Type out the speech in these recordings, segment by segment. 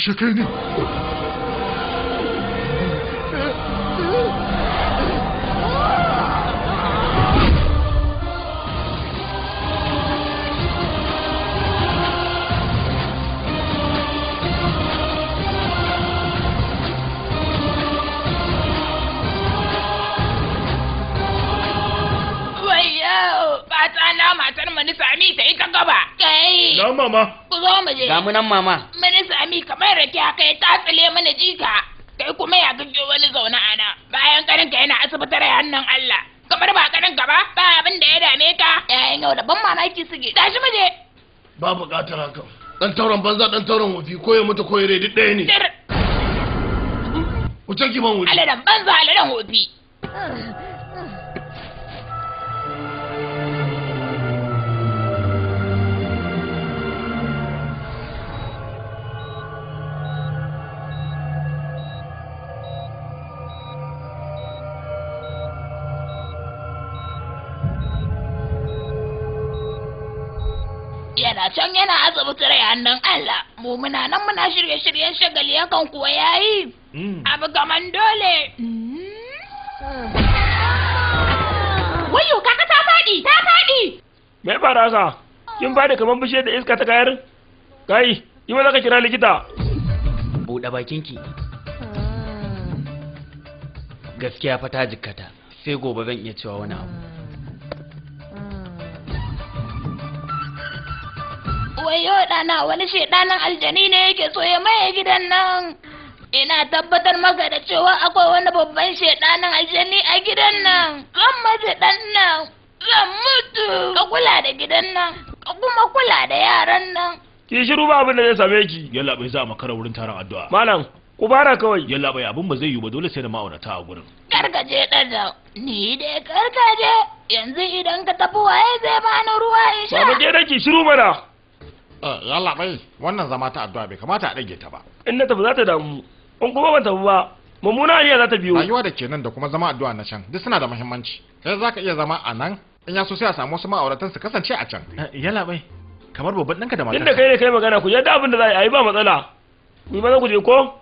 şekerini. ta na matar mani sami ta yi ta gaba. Kai. Na mama. Ku zo mu je. Gamu nan mama. Mani sami kamar rake haka ya tatsale mana jika. Kai kuma ya gajo wani zaune a nan. Bayan karin ka yana asibitar hannun Allah. Kamar ba karin gaba? ba abin da ya dame ka. Yayin yau da ban mamaki suke. Tashi mu je. Ba buƙatar hakan. Dan tauron banza dan tauron wafi ko ya mutu ko ya redi ɗaya ne. Wuce ki ban wuri. Aladan banza aladan wafi. Ah. yana can yana asibiti rai hannun Allah mu muna nan muna shirye-shiryen shagali yakan kuwa yayi mm. abu gaman dole mm. wayo kaka ta faɗi ta faɗi me farasa kin faɗi kaman bishiyar da iska ta kayar kai yi maza ka kira likita buɗe bakinki mm. gaskiya fa ta jikkata sai gobe zan iya cewa wani abu wayo ɗana wani shedanin aljani ne yake so ya maye gidan nan ina tabbatar maka da cewa akwai wani babban shedanin aljani a gidan nan zan mace dan nan zan mutu ka kula da gidan nan ka kuma kula da yaran nan ki shiru ba abin da zai same ki yalla bai za makara wurin taron addu'a malam ku fara kawai yalla bai abin ba zai yi ba dole sai da ma'aurata a gurin karkaje dan nan ni dai karkaje yanzu idan ka tafi waye zai bani ruwa in sha ba ke da ki shiru mana Eh, Allah wannan zama ta addu'a bai kamata a dage ta ba in na tafi za ta damu in kuma ban tafi ba mummuna ariya za ta biyo rayuwa da kenan da kuma zama addu'a na can duk suna da muhimmanci sai za ka iya zama a nan in ya so sai a samu wasu ma'auratan su kasance a can eh, yalla bai kamar babban ɗanka da matarsa inda kai ne kai magana ku yadda abin da za a yi ba matsala ni ba za ku je ko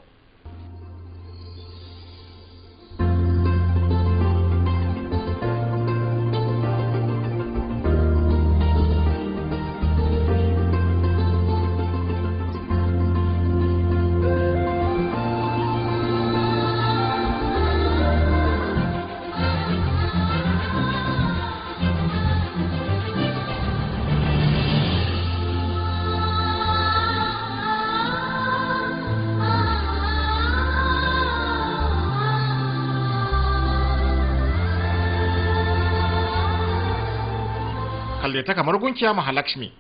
kalle ta kamar gunkiya mahalakshmi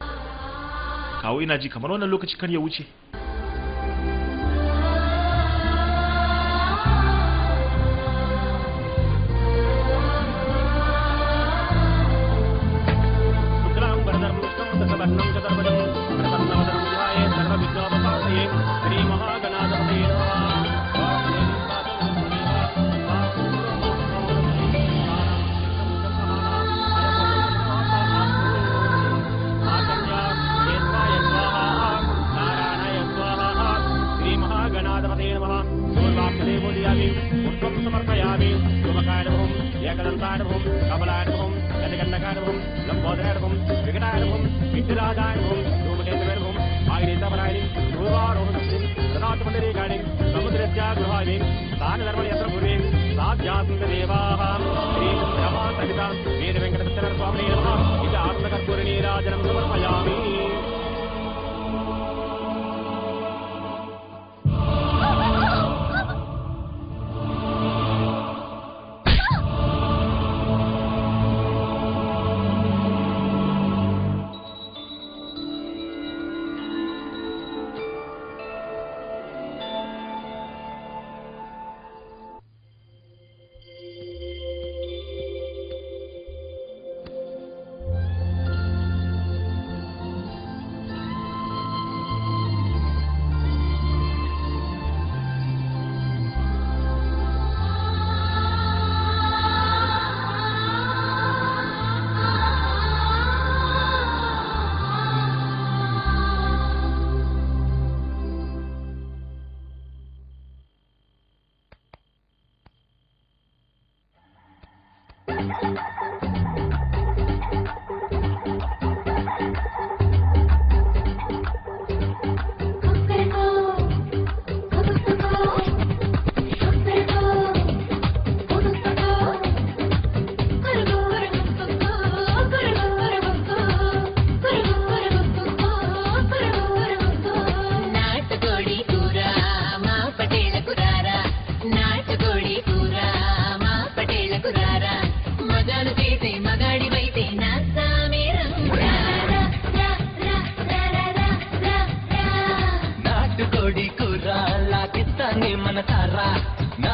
kawo ina ji kamar wannan lokaci kar ya wuce സമർപ്പയാമി പുഷ്പം സമർപ്പയാമി ശുഭകാരവും ഏകദന്താരവും കമലാരവും കനകണ്ഠകാരവും ലംബോദരവും വികടാരവും വിദ്യുരാജാരവും ധൂമകേന്ദ്രവും ആയിരത്തവരായി ധൂവാരോഹത്തിൽ സദാത്മന്ദിരേകാണി സമുദ്രത്യാഗുഹാനി സ്ഥാനധർമ്മയത്ര പുരേ സാധ്യാത്മദേവാഹം ശ്രീ രമാ സഹിത വേദവെങ്കടസ്വാമി നമ ഇത് ആത്മകർപ്പൂരണീരാജനം സമർപ്പയാമി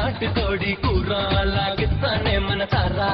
నాటుకోడి కూర లాగిస్తానే మన తారా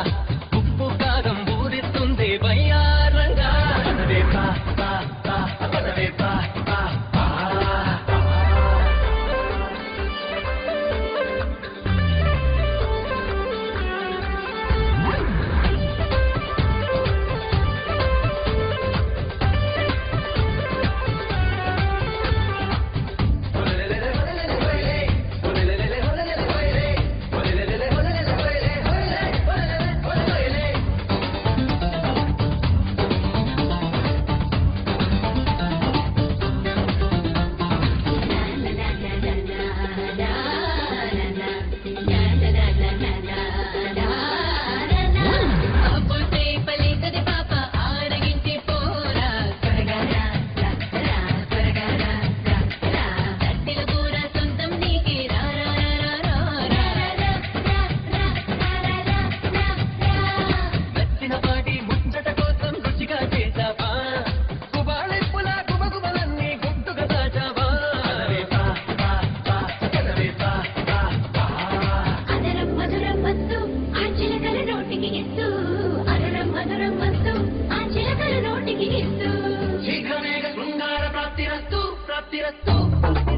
Thank you.